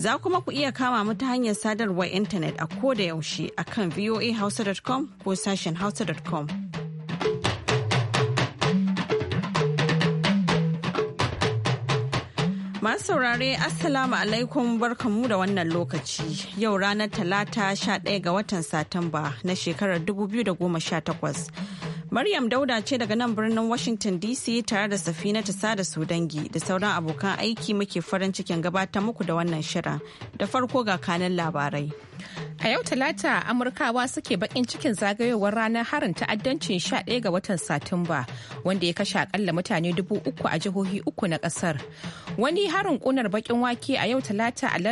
Za kuma ku iya kama mu ta hanyar sadarwar intanet a ko da yaushe a kan voahausa.com ko sashen hausa.com. Masu saurare Assalamu alaikum barkanmu da wannan lokaci yau ranar talata 11 ga watan Satumba na shekarar 2018. Maryam Dauda ce daga nan birnin Washington DC tare da safina ta sada su dangi da sauran abokan aiki muke farin cikin gabatar muku da wannan shirin. Da farko ga kanan labarai. A yau Talata Amurkawa suke bakin cikin zagayowar ranar harin ta'addancin 11 ga watan Satumba wanda ya kashe akalla mutane dubu uku a jihohi uku na kasar. Wani harin kunar bakin wake a yau Talata a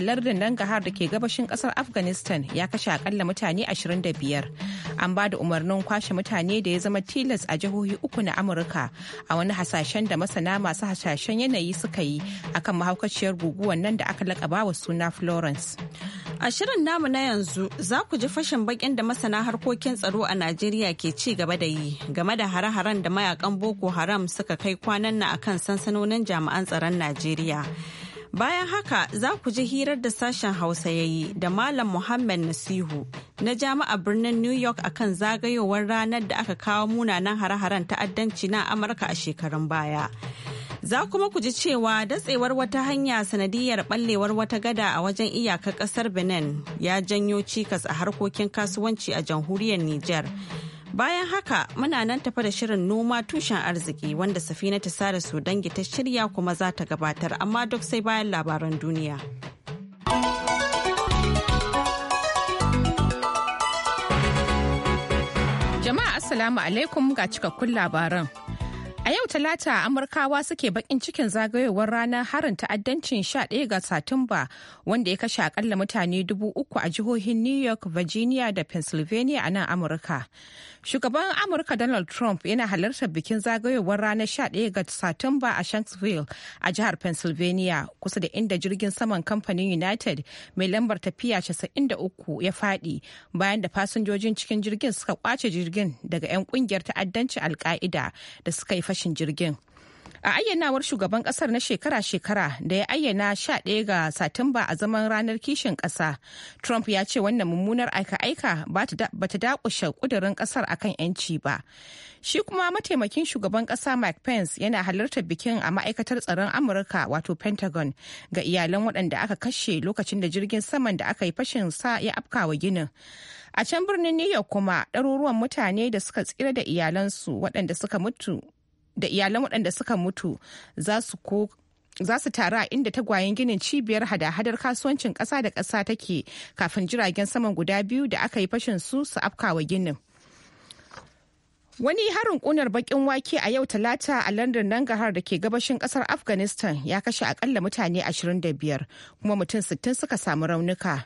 lardin nan gahar da ke gabashin kasar Afghanistan ya kashe akalla mutane 25. An ba da umarnin kwashe mutane ne da ya zama tilas a jihohi uku na Amurka a wani hasashen da masana masu hasashen yanayi suka yi akan mahaukaciyar guguwar nan da aka lakaba wa suna Florence. A shirin namu na yanzu za ku ji fashin bakin da masana harkokin tsaro a Najeriya ke ci gaba da yi game da hare-haren da mayakan Boko Haram suka kai kwanan nan akan sansanonin jami'an tsaron Najeriya. Bayan haka za ku ji hirar da sashen Hausa ya yi da Malam Muhammad Nasihu na jami'a birnin New York kan zagayowar ranar da aka kawo munanan hare-haren ta'addanci na Amurka a shekarun baya. Za kuma ku ji cewa datsewar wata hanya sanadiyar ɓallewar wata gada a wajen iyakar ƙasar Benin ya janyo cikas a harkokin kasuwanci a jamhuriyar Nijar. Bayan haka muna nan tafa da shirin noma tushen arziki wanda safina ta sada su dangi ta shirya kuma za ta gabatar amma duk sai bayan labaran duniya. Jama'a Assalamu alaikum ga cikakkun labaran. A yau Talata Amurkawa suke bakin cikin zagayowar ranar harin ta'addancin 11 ga Satumba wanda ya kashe akalla mutane dubu uku a jihohin New York, Virginia da Pennsylvania a nan Amurka. Shugaban Amurka Donald Trump yana halartar bikin zagayowar ranar 11 ga Satumba a Shanksville a jihar Pennsylvania kusa da inda jirgin saman kamfanin United mai lambar tafiya 93 ya fadi bayan da fasinjojin cikin jirgin suka kwace jirgin daga 'yan kungiyar ta'addanci Alka'ida da suka yi fashin jirgin. A ayyanawar shugaban kasar na shekara-shekara da ya ayyana 11 ga Satumba a zaman ranar kishin kasa, Trump ya ce wannan mummunar aika-aika ba ta dakushe kudurin kasar akan 'yanci ba. Shi kuma mataimakin shugaban kasa Mike Pence yana halartar bikin a ma'aikatar tsaron Amurka wato Pentagon ga iyalan waɗanda aka kashe lokacin da jirgin saman da aka yi fashin sa ya afkawa ginin. A can birnin New York kuma ɗaruruwan mutane da suka tsira da iyalansu waɗanda suka mutu da iyalan waɗanda suka mutu za su ko taru a inda tagwayen ginin cibiyar hada-hadar kasuwancin ƙasa da ƙasa take kafin jiragen saman guda biyu da aka yi fashin su su afkawa ginin. Wani harin kunar bakin wake a yau talata a London gahar da ke gabashin kasar Afghanistan ya kashe akalla mutane 25 kuma mutum 60 suka samu raunuka.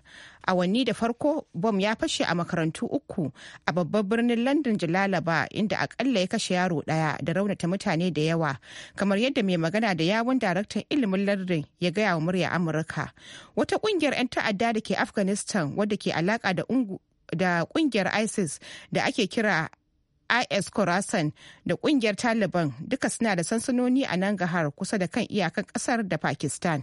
Awanni da farko bom ya fashe a makarantu uku a babban birnin London Jalalaba inda akalla ya kashe yaro daya da raunata mutane da yawa kamar yadda mai magana da yawun daraktan ilimin lardin ya gaya wa murya Amurka. Wata kungiyar 'yan ta'adda da ke Afghanistan wadda ke alaka da da kungiyar isis da ake kira is khorasan da kungiyar taliban duka suna da sansanoni a nan gahar kusa da kan iyakan kasar da pakistan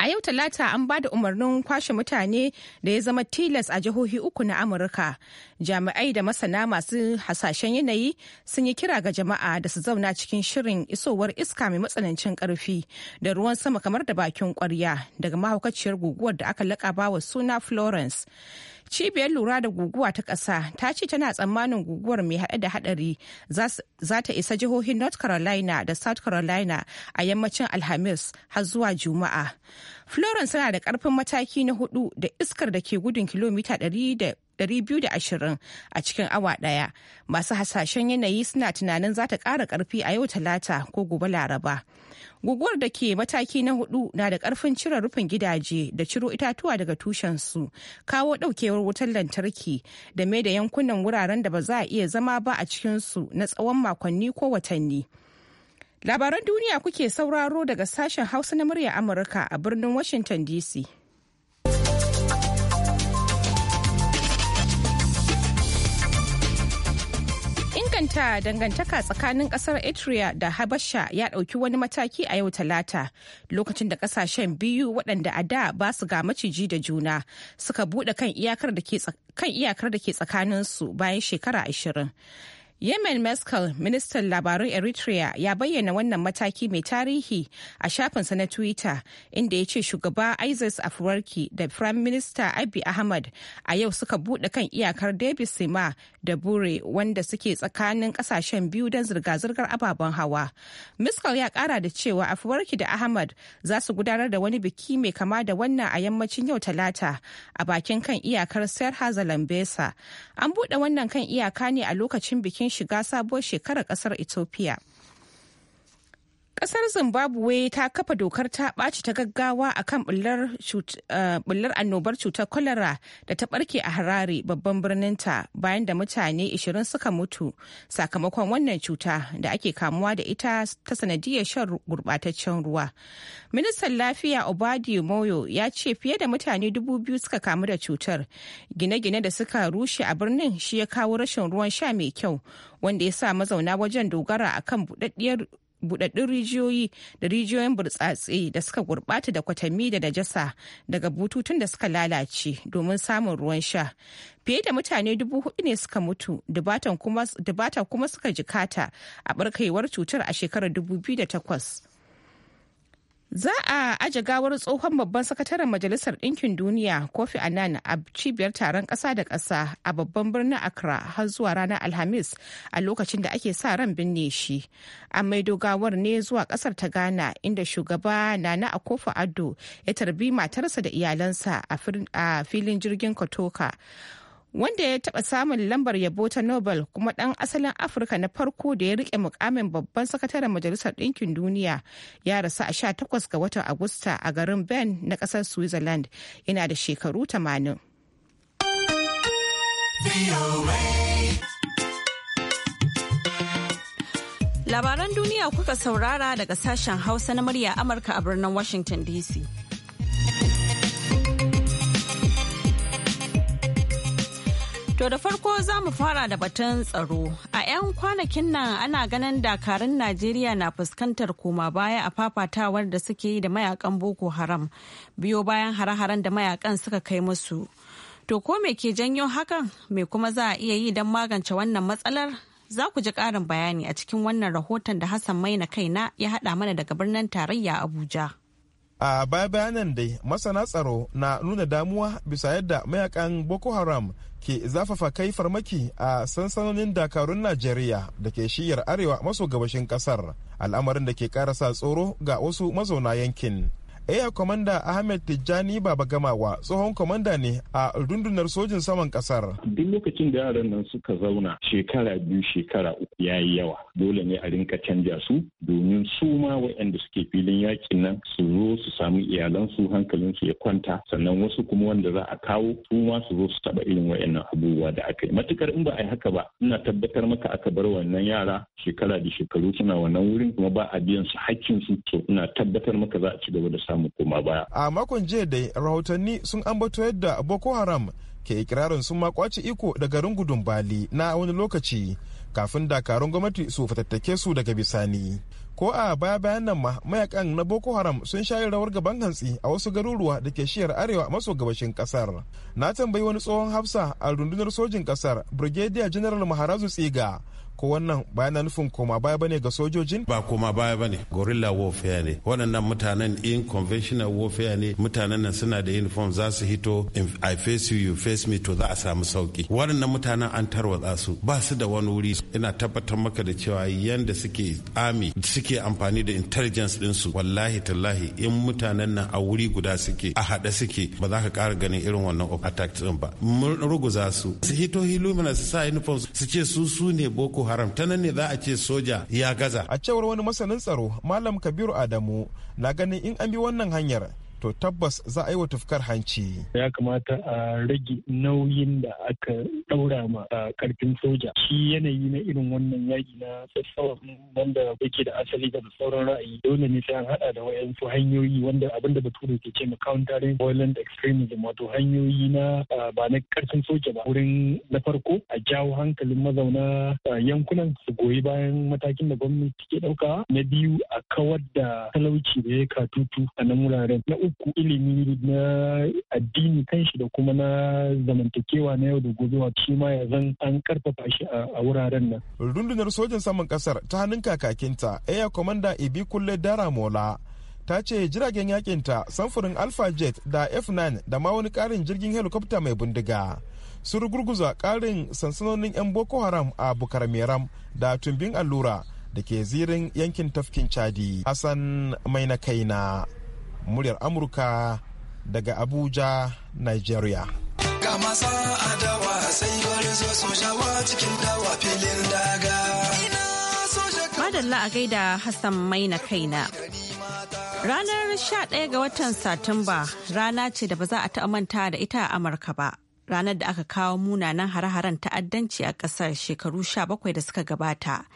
a yau talata an ba da umarnin kwashe mutane da ya zama tilas a jihohi uku na amurka jami'ai da masana masu hasashen yanayi sun yi kira ga jama'a da su zauna cikin shirin isowar iska mai matsanancin karfi da ruwan sama kamar da bakin kwarya daga mahaukaciyar guguwar da aka lakaba wa suna florence cibiyar lura da guguwa ta ƙasa ta ce tana tsammanin guguwar mai haɗe da haɗari za ta isa jihohin north carolina da south carolina a yammacin alhamis har zuwa juma'a florence tana da ƙarfin mataki na hudu da iskar da ke gudun kilomita 220 a cikin awa ɗaya masu hasashen yanayi suna tunanin za ta ƙara ƙarfi a yau talata ko gobe laraba Guguwar da ke mataki na hudu na da karfin cire rufin gidaje da ciro itatuwa daga tushensu, kawo daukewar wutar lantarki da mai da yankunan wuraren da ba za a iya zama ba a cikinsu na tsawon makonni ko watanni. Labaran duniya kuke sauraro daga sashen Hausa na murya Amurka a birnin Washington DC. ta dangantaka tsakanin kasar Eritrea da Habasha ya ɗauki wani mataki a yau talata lokacin da kasashen biyu waɗanda a da ba su ga maciji da juna suka buɗe kan iyakar da ke su bayan shekara ashirin. Yemen Meskel, ministan labarun Eritrea, ya bayyana wannan mataki mai tarihi a shafinsa na Twitter, inda ya ce shugaba Isis Afwerki da Prime Minister Abiy Ahmad a yau suka buɗe kan iyakar Davis Sima da Bure wanda suke tsakanin ƙasashen biyu don zirga-zirgar ababen hawa. Meskel ya ƙara da cewa Afwerki da Ahmad za su gudanar da wani biki mai kama da wannan a yammacin yau Talata a bakin kan iyakar Serha Zalambesa. An buɗe wannan kan iyaka ne a lokacin bikin shiga sabuwar shekarar kasar ethiopia Kasar Zimbabwe ta kafa dokar ta ɓaci ta gaggawa a kan bullar eh, annobar cutar kwalara da ta ɓarke a Harare babban birninta bayan da mutane 20 suka mutu sakamakon wannan cuta da ake kamuwa da ita ta sanadiyar shan gurɓataccen ruwa. Ministan Lafiya Obadi Moyo ya ce fiye da mutane dubu biyu suka kamu da cutar. Gine-gine da suka rushe a birnin shi ya kawo rashin ruwan sha mai kyau wanda ya sa mazauna wajen dogara akan buɗaɗɗiyar budaddun rijiyoyi da rijiyoyin burtsatse da suka gurbata da kwatanni da najasa daga bututun da suka lalace domin samun ruwan sha fiye da mutane dubu hudu ne suka mutu dubata kuma suka jikata a barkewar cutar a shekarar 2008 Za a aje gawar tsohon babban sakataren Majalisar Ɗinkin Duniya Kofi Annan a cibiyar taron ƙasa da ƙasa a babban birnin Accra har zuwa ranar Alhamis a lokacin da ake sa ran binne shi. a maido gawar ne zuwa ƙasar ta Ghana inda shugaba Nana Akofo ado ya tarbi matarsa da iyalansa a filin jirgin Kotoka. wanda ya taɓa samun lambar yabo ta Nobel kuma ɗan asalin Afirka na farko da ya rike mukamin babban sakataren Majalisar Ɗinkin Duniya ya rasu a takwas ga watan Agusta a garin ben na ƙasar Switzerland yana da shekaru tamanin. Labaran duniya kuka saurara daga sashen Hausa na murya Amurka a birnin Washington DC. To da farko za mu fara da batun tsaro. A 'yan kwanakin nan ana ganin dakarun Najeriya na fuskantar koma baya a fafatawar da suke yi da mayakan Boko Haram biyo bayan hare-haren da mayakan suka kai musu. To ko me ke janyo hakan? Me kuma za a iya yi don magance wannan matsalar? Za ku ji ƙarin bayani a cikin wannan rahoton da Hassan Maina kaina ya haɗa mana daga birnin tarayya Abuja. A baya bayanan dai masana tsaro na nuna damuwa bisa yadda mayakan Boko Haram ke zafafa kai farmaki a sansanonin dakarun najeriya da ke shiyar arewa maso gabashin kasar al'amarin da ke karasa tsoro ga wasu mazauna yankin Air Commander Ahmed Tijjani Baba Gamawa tsohon kwamanda ne a rundunar sojin saman kasar. Duk lokacin da yaran nan suka zauna shekara biyu shekara uku ya yi yawa dole ne a rinka canja su domin su ma waɗanda suke filin yakin nan su zo su samu iyalansu hankalinsu ya kwanta sannan wasu kuma wanda za a kawo su ma su zo su taɓa irin waɗannan abubuwa da aka yi. Matukar in ba a yi haka ba ina tabbatar maka aka bar wannan yara shekara da shekaru suna wannan wurin kuma ba a biyan su hakkin su to ina tabbatar maka za a ci gaba da samu koma baya. A makon jiya dai rahotanni sun ambato yadda Boko Haram ke ikirarin sun kwaci iko da garin gudun Bali na wani lokaci kafin dakarun gwamnati su fatattake su daga bisani. Ko a baya bayan nan ma mayakan na Boko Haram sun shayi rawar gaban hantsi a wasu garuruwa da ke shiyar arewa maso gabashin kasar. Na tambayi wani tsohon hafsa a rundunar sojin kasar Brigadier General Maharazu Tsiga ko wannan bayan nufin koma baya bane ga sojojin ba koma baya bane gorilla warfare ne waɗannan mutanen in conventional warfare ne mutanen nan suna da uniform za su hito i face you face me to za a samu sauki waɗannan mutanen an tarwatsa su ba su da wani wuri ina tabbatar maka da cewa yanda suke army suke amfani da intelligence ɗinsu wallahi tallahi in mutanen nan a wuri guda suke a haɗe suke ba za ka ƙara ganin irin wannan attack ɗin ba mun ruguza su su hito hilumina su sa uniform su ce su su ne boko haram ta nan ne za a ce soja ya gaza a cewar wani masanin tsaro malam kabiru adamu na ganin in an bi wannan hanyar to tabbas za a yi wa tufkar hanci. Ya kamata a rage nauyin da aka ɗaura ma a karfin soja. Shi yanayi na irin wannan yaƙi na sassawan wanda ke da asali da sauran ra'ayi dole ne sai an haɗa da wayansu hanyoyi wanda abinda turu ke ce ma countering violent extremism wato hanyoyi na ba na karfin soja ba wurin na farko a jawo hankalin mazauna yankunan su goyi bayan matakin da gwamnati ke ɗauka na biyu a kawar da talauci da ya katutu a nan wuraren na uku ku ilimi na addini kanshi da kuma na zamantakewa na yau da gobe wa shi ma ya zan an karfafa shi a wuraren nan. Rundunar sojan saman kasar ta hannun kakakinta Air Commander Ibi Kulle daramola ta ce jiragen yakinta samfurin Alpha Jet da F9 da ma wani karin jirgin helicopter mai bindiga. Sun gurguza karin sansanonin 'yan Boko Haram a Bukar Meram da Tumbin Allura da ke zirin yankin tafkin Chadi. Hassan Mai na kaina. muryar amurka daga abuja nigeria madalla a gaida hassan maina kaina ranar 11 ga watan satumba rana ce da ba za a ta manta da ita a amurka ba ranar da aka kawo munanan hare-haren ta'addanci a kasar shekaru 17 da suka gabata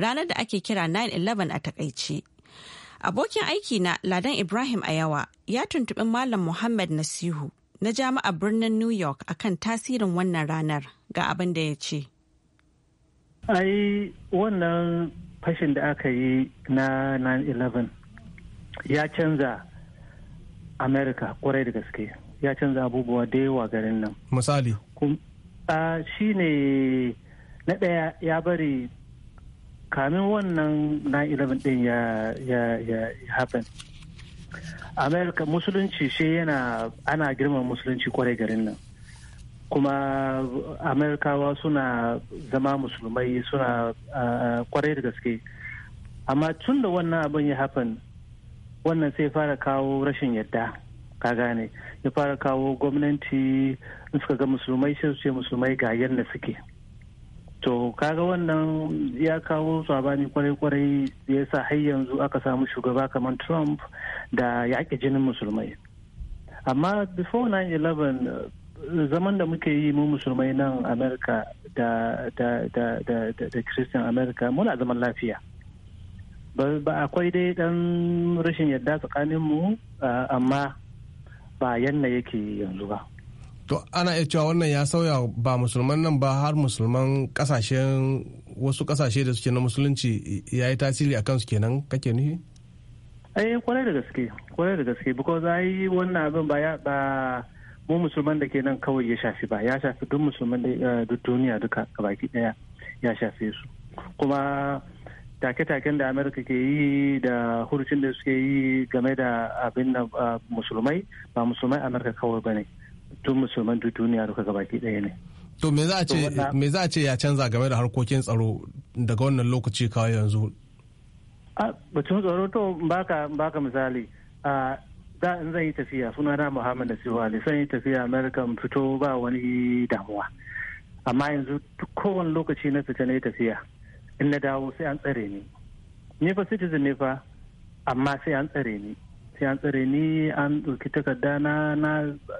ranar da ake kira 9-11 a takaice Abokin aiki na Ladan Ibrahim Ayawa ya tuntuɓi Malam Muhammad Nasihu na jami'a birnin New York akan tasirin wannan ranar ga abin da ya ce. Ai wannan fashin da aka yi na 9-11 ya canza america kwarai da gaske ya canza abubuwa da yawa garin nan. Misali. shi ne na ɗaya ya bari kamin wannan 9-11 din ya happen america musulunci shi yana ana girman musulunci kwarai garin nan kuma amerikawa suna zama musulmai suna kwarai da gaske amma tun da wannan abin ya happen wannan sai fara kawo rashin yadda ka gane ya fara kawo gwamnati suka ga musulmai sai su ce musulmai ga yadda suke to kaga wannan ya kawo sabani kwarai-kwarai ya sa har yanzu aka samu shugaba kamar trump da ya ake jinin musulmai amma before 9-11 zaman da muke yi mu musulmai nan amerika da da christian america muna zaman lafiya ba akwai dai dan rashin yadda tsakaninmu amma ba yanna yake yanzu ba to ana iya cewa wannan ya sauya ba musulman nan ba har musulman kasashen wasu kasashe da suke na musulunci ya yi tasiri a kansu kenan kake nufi eh kwarai da gaske kwarai da gaske because ai wannan abin ba ya ba mu musulman da ke nan kawai ya shafi ba ya shafi duk musulman da eh, duk duniya duka baki daya ya shafe su kuma take-taken da amerika ke yi da hurucin da suke yi game da abin eh, musulmai ba musulmai amerika kawai ba ne tun musulman duk duniya duka gabaki ɗaya ne to me za a ce ya canza game da harkokin tsaro daga wannan lokaci kawai yanzu a batun tsaro to baka misali a da in zan yi tafiya suna na Muhammad Nasiru Ali zan yi tafiya America fito ba wani damuwa amma yanzu kowane lokaci na fita na tafiya in na dawo sai an tsare ni ni fa citizen ne fa amma sai an tsare ni sai an tsare ni an ɗauki takarda na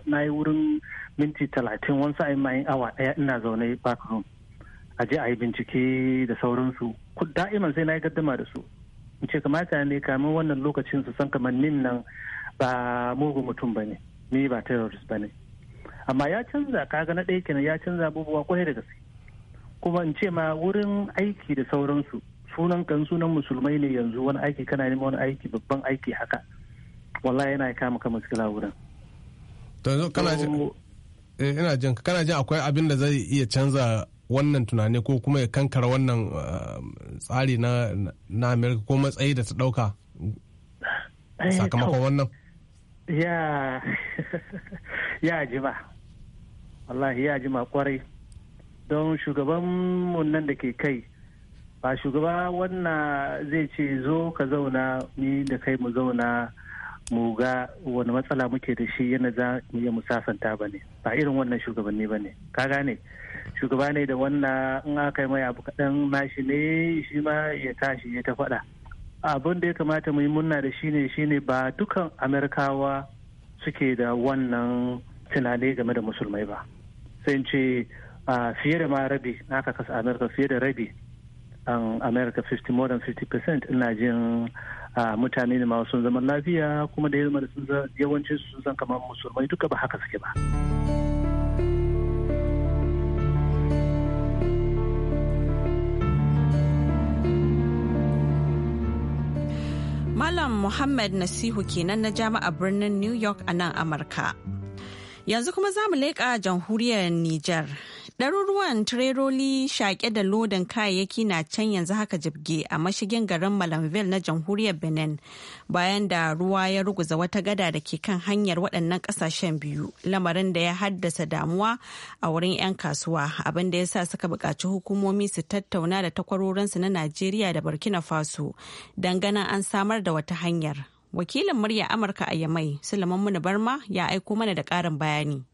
na yi wurin minti talatin wani sa'in ma awa ɗaya ina zaune back room a je a yi bincike da sauransu da'iman sai na yi gaddama da su in ce kamata ne kamin wannan lokacin su san kamar nin nan ba mugu mutum ba ne ni ba terrorist ba ne amma ya canza kaga na ɗaya kenan ya canza abubuwa kwarai da gaske kuma in ce ma wurin aiki da sauransu sunan kan sunan musulmai ne yanzu wani aiki kana neman wani aiki babban aiki haka wallahi yana kama kama muskila wurin to yanzu kana eh, ina jin kana jin akwai abin da zai iya canza wannan tunani ko kuma ya kankara wannan um, tsari na na amerika ko matsayi da ta dauka eh, sakamakon wannan ya ya jima wallahi ya jima kwarai don shugaban nan da ke kai ba shugaba wannan zai ce zo ka zauna ni da kai mu zauna mu ga wani matsala muke da shi yana za mu iya musafanta ba ne ba irin wannan shugabanni ba ne ka gane shugaba ne da wannan in aka yi mai abu kaɗan nashi ne shi ma ya tashi ya ta faɗa abin da ya kamata mu yi munna da shi ne shi ne ba dukan amerikawa suke da wannan tunani game da musulmai ba sai ce fiye da ma rabi na aka kasa amerika fiye da rabi an um, amerika 50 more than 50 percent ina jin a mutane ne ma sun zaman lafiya kuma da yamma da sun yawanci sun san kamar musulmai duka ba haka suke ba. Malam Muhammad Nasihu kenan na jami'a birnin New York a nan Amurka. Yanzu kuma za mu leƙa jamhuriyar Nijar. Ɗaruruwan tireroli shaƙe da lodin kayayyaki na can yanzu haka jibge a mashigin garin Malamville na jamhuriyar Benin bayan da ruwa ya ruguza wata gada da ke kan hanyar waɗannan ƙasashen biyu lamarin da ya haddasa damuwa a wurin 'yan kasuwa abin da ya sa suka buƙaci hukumomi su tattauna da takwarorinsu na Najeriya da Burkina Faso don ganin an samar da wata hanyar. Wakilin murya Amurka a Yamai, Sulaiman muna Barma ya aiko mana da ƙarin bayani.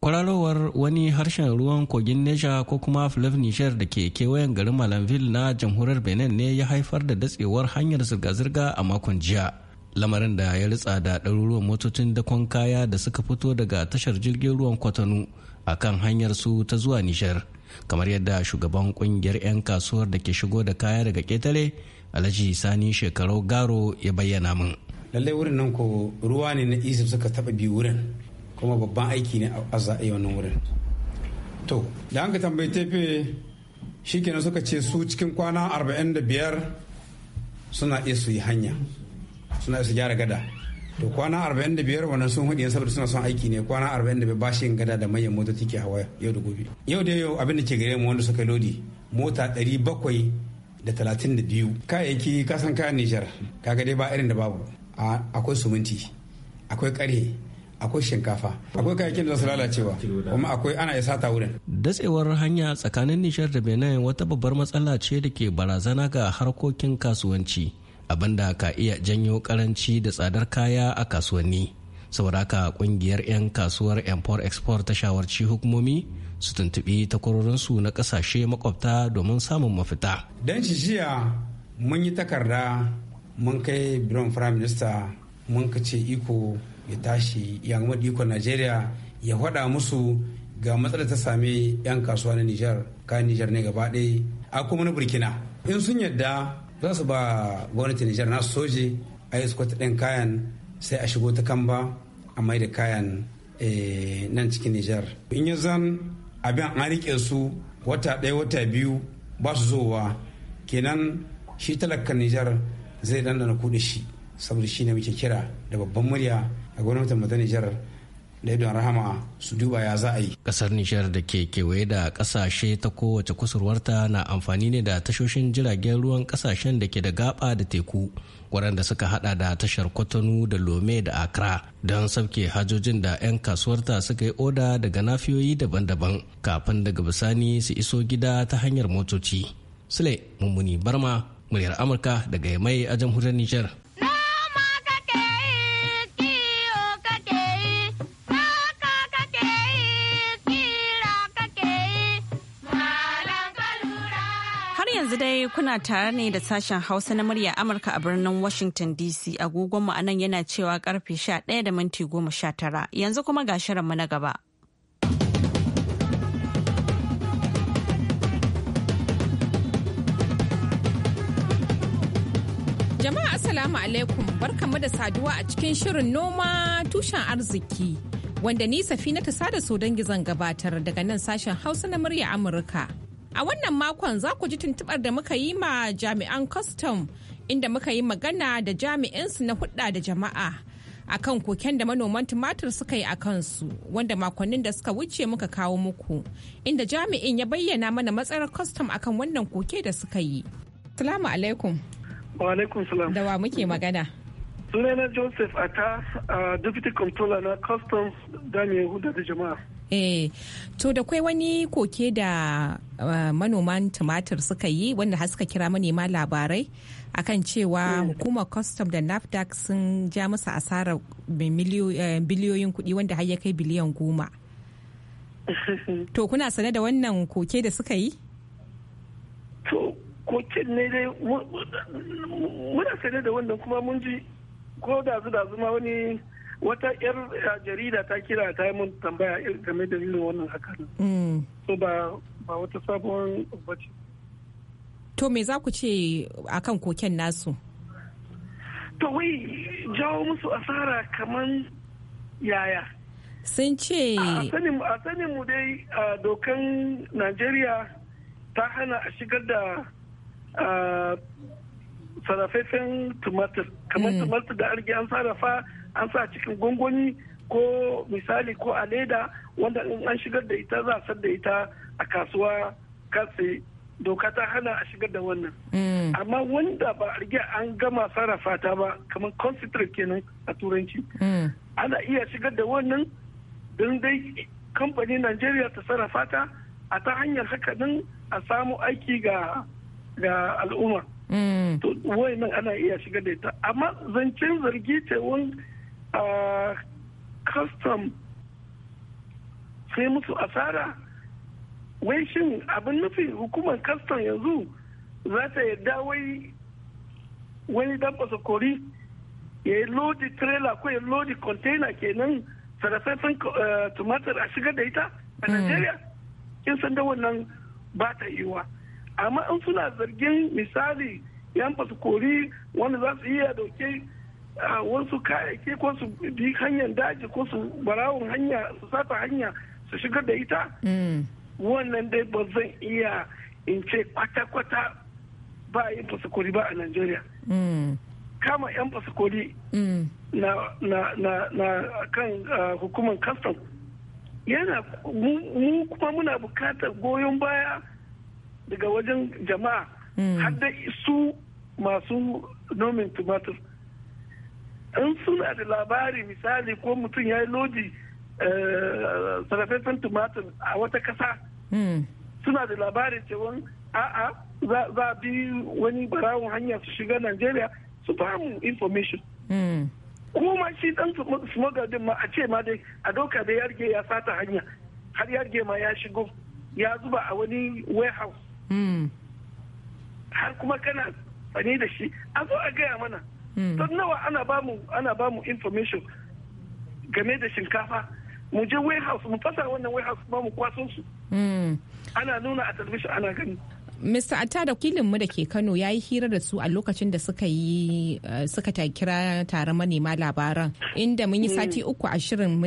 kwararowar wani harshen ruwan kogin nesha ko kuma flav Niger da ke kewayen garin malamville na jamhuriyar benin ne ya haifar da datsewar hanyar zirga-zirga a makon jiya lamarin da ya ritsa da ɗaruruwan motocin dakon kaya da suka fito daga tashar jirgin ruwan kwatano a kan hanyar su ta zuwa nishar kamar yadda shugaban kungiyar 'yan kasuwar da ke shigo da kaya daga ketare alhaji sani shekaru garo ya bayyana min lallai wurin nan ko ruwa ne na isa suka taba bi wurin kuma babban aiki ne a zaɓe wannan wurin to da an ka tambayi tefe shi kenan suka ce su cikin kwana 45 suna iya su yi hanya suna iya su gyara gada to kwana 45 wannan sun hudu saboda suna son aiki ne kwana 45 ba shi gada da manyan motoci ke hawa yau da gobe yau da yau abin da ke gare mu wanda suka lodi mota 732 kayayyaki kasan kayan nijar kaga dai ba irin da babu akwai suminti akwai kare akwai shinkafa akwai kayayyakin da za su lalacewa kuma akwai ana ya sata wurin datsewar hanya tsakanin nishar da benin wata babbar matsala ce da ke barazana ga harkokin kasuwanci abinda ka iya janyo karanci da tsadar kaya a kasuwanni saboda haka kungiyar 'yan kasuwar import export ta shawarci hukumomi su tuntubi takwarorinsu na kasashe makwabta domin samun mafita don jiya mun yi takarda mun kai biron prime minister mun kace iko ya tashi ya gama ikon najeriya ya faɗa musu ga matsalar ta sami 'yan kasuwa na nijar kayan nijar ne gaba ɗaya a kuma na burkina in sun yadda za su ba gwamnatin nijar na soje a yi sukwata kayan sai a shigo ta kamba a mai da kayan eh, nan cikin nijar in ya zan abin an riƙe su wata ɗaya wata biyu ba su zowa kenan shi talakan nijar zai dandana kuɗi shi saboda shi ne muke kira da babban murya a gwamnatin mata Nijar da idon rahama su duba ya za a yi. Kasar Nijar da ke kewaye da kasashe ta kowace kusurwarta na amfani ne da tashoshin jiragen ruwan kasashen da ke da gaba da teku waɗanda suka hada da tashar Kwatano da Lome da Accra don sauke hajojin da 'yan kasuwarta suka yi oda daga nafiyoyi daban-daban kafin daga bisani su iso gida ta hanyar motoci. Sule Mummuni Barma, muryar Amurka daga mai a jamhuriyar Nijar. yanzu dai kuna tare ne da sashen Hausa na murya Amurka a birnin Washington DC agogonmu a nan yana cewa karfe 11 da minti tara yanzu kuma ga shirinmu na gaba. Jama'a Assalamu alaikum barkamu da saduwa a cikin shirin noma tushen arziki wanda ni safina ta sada so dangi zan gabatar daga nan sashen Hausa na murya Amurka. A wannan makon za ku ji tuntubar da muka yi ma jami'an kwastam inda muka yi magana da jami'insu na hudda da jama'a A kan koken da manoman tumatir suka yi a kansu wanda makonnin da suka wuce muka kawo muku inda jami'in ya bayyana mana matsayar kwastam akan wannan koke da suka yi. Salamu alaikum. Wa alaikum salam. Da wa muke magana? sunana joseph ata uh, deputy controller na customs daniel huda da jama'a eh to da kwai wani koke da uh, manoman tumatir suka yi wanda har suka kira manema labarai akan cewa mm. hukumar custom da nafdac sun ja masa asarar eh, biliyoyin kuɗi wanda har ya kai biliyan goma to kuna sane da wannan koke da suka yi to koke ne dai muna sane da wannan kuma mun ji ko da da zuma wani wata yar eh, jarida ta kira ta yi mun tambaya game da irin wannan hakan mm. so ba ba wata sabon bace to me za ku ce akan koken nasu to wai jawo musu asara kaman yaya sun ce a sanin mu dai a dokan najeriya ta hana a shigar da sarafafen tumatir kamar mm. tumatir da arge an sarrafa an sa cikin gwangwani ko misali ko a leda wanda in an shigar da ita za a da ita a kasuwa katse doka ta hana a shigar da wannan mm. amma wanda ba a rige an gama sarrafa ta ba kamar concentrate kenan a turanci mm. ana iya shigar da wannan don dai kamfanin nigeria ta sarrafa ta a ta hanyar haka nan a samu aiki ga al'umma to nan ana iya shiga da ita amma zancen zargi ce wani a custom sai musu asara wai shin abin nufi hukumar custom yanzu za ta yadda wai wani dan kori ya yi lodi trailer ko ya lodi container kenan sarrafafin eh, tumatir a shiga da ita a hmm. nigeria kin san da wannan ba ta yiwa amma in suna zargin misali yan basu kori wanda za su iya dauke wasu kayayyaki ko su bi hanyar daji ko su barawun hanya su sata hanya su shigar da ita mm. wannan dai ba zan iya in ce kwata-kwata ba yin fasikori ba a nigeria mm. Kama 'yan fasikori mm. na kan hukumar custom yana mu kuma muna bukatar goyon baya daga wajen jama'a hmm. har da su masu nomin tumatir in suna da labari misali ko mutum ya yi loji eh, sarrafafen tumatir a wata kasa hmm. suna da labari cewa a'a za a bi wani barawon hanya su shiga najeriya su mu information hmm. kuma shi dan smuggler din ma a ce ma dai a doka da ya rige ya sata hanya har ya rige ma ya shigo ya zuba a wani warehouse Hmm. har kuma kana fani da shi a zo a gaya mana hmm. don nawa ana bamu ana bamu information game da shinkafa mu je warehouse mu fasa wannan warehouse ba mu kwasonsu hmm. ana nuna a talabishin ana gani Mr. Atta da mu da ke Kano ya yi hira da su a lokacin da suka yi eh, suka ta kira tare manema labaran inda mun yi sati mm. uku a shirin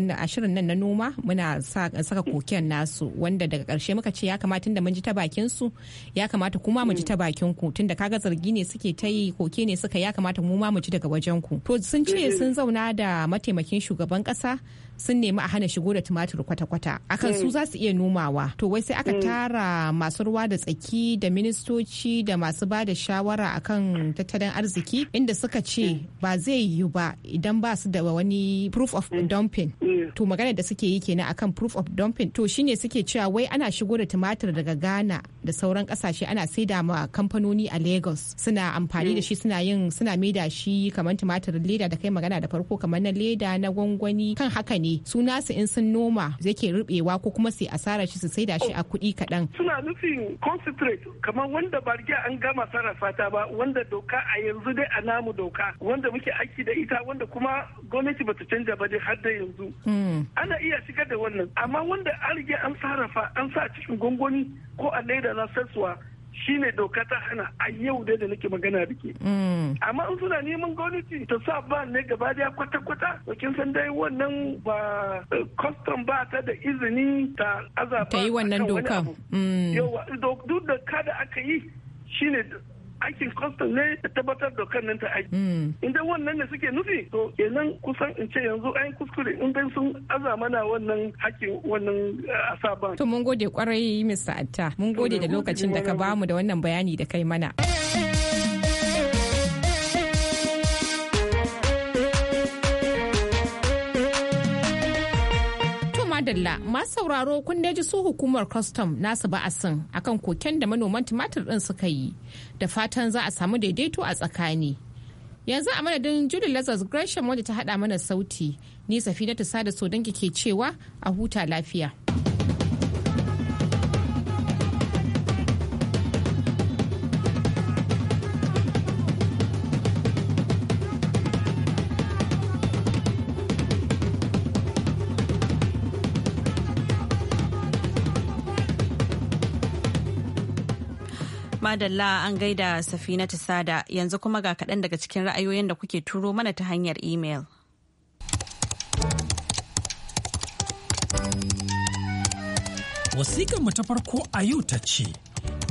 nan na noma muna saka koken nasu wanda daga karshe muka ce ya kamata tunda mun ji ta bakin su ya kamata kuma mu ji ta mm. bakin ku tunda kaga zargi ne suke ta yi koke ne suka ya kamata mu ma mu ji daga wajen ku to sun ce mm-hmm. sun zauna da mataimakin shugaban kasa sun nemi a hana shigo da tumatir kwata-kwata akan su mm. za su iya nomawa to wai sai aka mm. tara masu ruwa da tsaki da ministoci da masu ba da shawara akan tattalin arziki inda suka ce mm. ba zai yiwu ba idan ba su da wani proof of dumping to magana da suke yi kenan akan proof of dumping to shine suke cewa wai ana shigo da tumatir daga Ghana da sauran kasashe ana saida ma kamfanoni a Lagos suna amfani da shi suna yin suna maida shi kamar tumatir leda da kai magana da farko kamar na leda na gwangwani kan haka ne yi su nasu in sun noma yake rubewa ko kuma su asara shi su saida shi a kuɗi kaɗan. Suna nufin concentrate kamar wanda ba riga an gama sarrafa ta ba wanda doka a yanzu dai a namu doka wanda muke aiki da ita wanda kuma gwamnati bata canja ba dai har da yanzu. Hmm. Ana iya shigar da wannan amma wanda an riga an sarrafa an sa cikin gwangwani ko a leda na sassuwa Shi ne doka ta hana a yau dai da nake magana da ke. Mm. Amma in suna neman gwamnati ta sa ba ne gaba daya kwata-kwata kin san dai wannan ba eh, custom ba ta da izini ta azaba. Ta yi wannan doka. Mm. Yau duk da kada aka yi shi ne. aikin constant ne ya tabbatar da kan nan ta aiki hmm. inda wannan ne suke nufi to kenan kusan in ce yanzu ayin kuskure in dai sun aza mana wannan hakkin wannan eh, asaban to mun gode kwarai Mr. Atta mun gode da lokacin da ka bamu da wannan bayani da kai mana madalla masu sauraro kun daji su hukumar custom nasu ba'asin akan koken da manoman tumatir din suka yi da fatan za a samu daidaito a tsakani yanzu a madadin judy lazarus gresham wanda ta hada mana sauti ni ta sada sodanki ke cewa a huta lafiya madalla an gaida safina sada yanzu kuma ga kaɗan daga cikin ra'ayoyin da kuke turo mana ta hanyar imel. Wasiƙar mu ta farko a yau ta ce,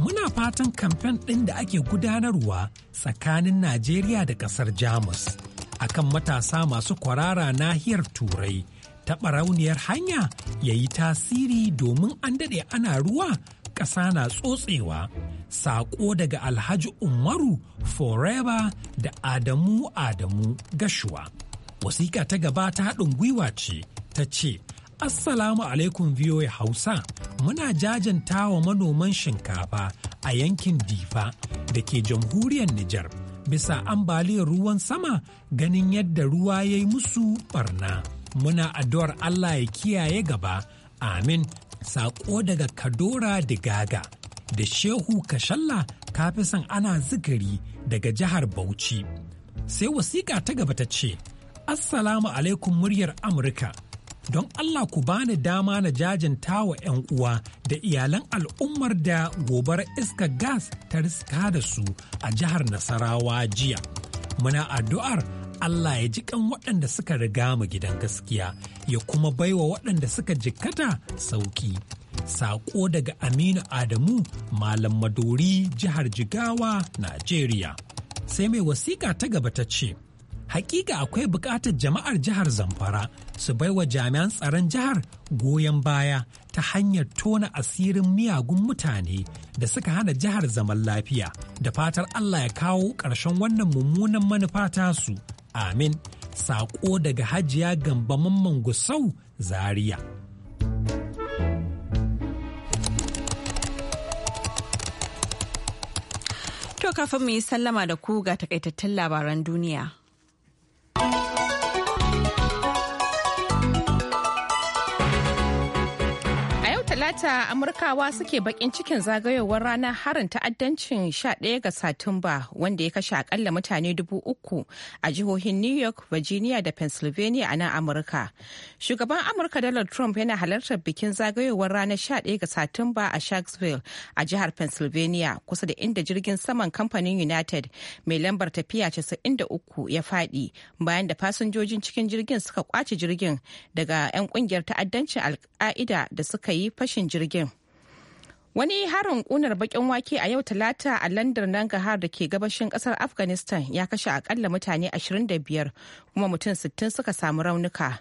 Muna fatan kamfen ɗin da ake gudanarwa tsakanin Najeriya da ƙasar Jamus akan matasa masu kwarara nahiyar Turai ta ɓarauniyar hanya ya yi tasiri domin an daɗe ana ruwa ƙasa na tsotsewa Saƙo daga Alhaji Umaru Forever da Adamu Adamu Gashuwa. Wasiƙa ta gaba ta haɗin gwiwa ce ta ce, Assalamu alaikum VOA Hausa, muna jajanta wa manoman shinkafa a yankin Difa da ke jamhuriyar Nijar bisa ambaliyar ruwan sama ganin yadda ruwa ya yi musu barna. Muna addu'ar Allah ya kiyaye gaba, amin, saƙo daga Kadora Digaga. da Shehu Kashalla kafisan ana zikari daga jihar Bauchi. Sai wasiƙa ta gaba ta ce, Assalamu alaikum muryar Amurka. Don Allah ku bani dama na jajin wa 'yan uwa da iyalan al'ummar da gobar iska gas ta riska da su a jihar Nasarawa jiya. Muna addu'ar Allah ya ji kan waɗanda suka riga mu gidan gaskiya ya kuma baiwa waɗanda suka jikkata sauki. Saƙo daga Aminu Adamu, Malam Madori, Jihar Jigawa, Najeriya. Sai mai wasiƙa ta gaba ta ce, Hakika akwai buƙatar jama'ar jihar Zamfara su bai wa jami'an tsaron jihar goyon baya ta hanyar tona asirin miyagun mutane da suka hana jihar zaman lafiya da fatar Allah ya kawo ƙarshen wannan mummunan manufa tasu. Amin. Saƙo daga Hajiya Gamba Mamman Gusau, Zaria. kafin mu yi sallama da ku ga takaitattun labaran duniya. fata amurkawa suke bakin cikin zagayowar ranar harin ta'addancin 11 ga satumba wanda ya kashe akalla mutane dubu uku a jihohin new york virginia da pennsylvania a nan amurka shugaban amurka donald trump yana halartar bikin zagayowar ranar 11 ga satumba a sharksville a jihar pennsylvania kusa da inda jirgin saman kamfanin united mai lambar tafiya uku ya fadi bayan da fasinjojin cikin jirgin suka kwace jirgin daga 'yan ƙungiyar ta'addancin alka'ida da suka yi fashin tashin jirgin. Wani harin kunar bakin wake a yau talata a nan Nangahar da ke gabashin kasar Afghanistan ya kashe akalla mutane 25 kuma mutum 60 suka samu raunuka.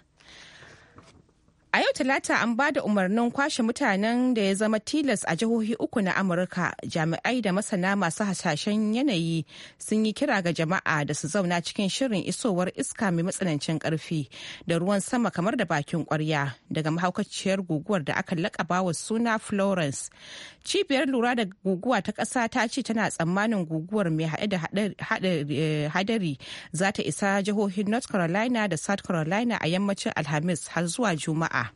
A yau Talata an ba da umarnin kwashe mutanen da ya zama tilas a jihohi uku na Amurka. Jami'ai da masana masu hasashen yanayi sun yi kira ga jama'a da su zauna cikin shirin isowar iska mai matsanancin karfi da ruwan sama kamar da bakin kwarya daga mahaukaciyar guguwar da aka lakaba wa suna Florence. Cibiyar lura da guguwa ta ƙasa ta ce tana tsammanin guguwar mai da eh, hadari za ta isa jihohin North Carolina da South Carolina a yammacin Alhamis har zuwa Juma'a. jama'a.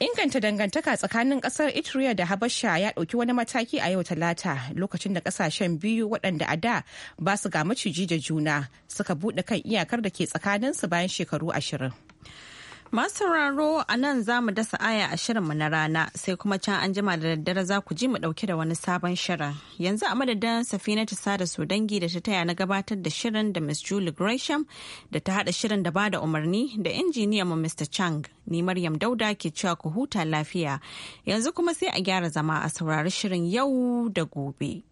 Inganta dangantaka tsakanin kasar Itriya da Habasha ya ɗauki wani mataki a yau talata lokacin da kasashen biyu waɗanda a da ba su ga maciji da juna suka buɗe kan iyakar da ke tsakanin su bayan shekaru ashirin. Masu a nan za mu dasa aya a shirinmu na rana sai kuma can an jima da daddare za ku ji mu dauke da wani sabon shirin. Yanzu a madadin safina ta sada su dangi da ta taya na gabatar da shirin da Miss Julie Gresham da ta hada shirin da bada umarni da injiniya mu Mr. Chang ni Maryam Dauda ke cewa ku huta lafiya. Yanzu kuma sai a gyara zama a saurari shirin yau da gobe.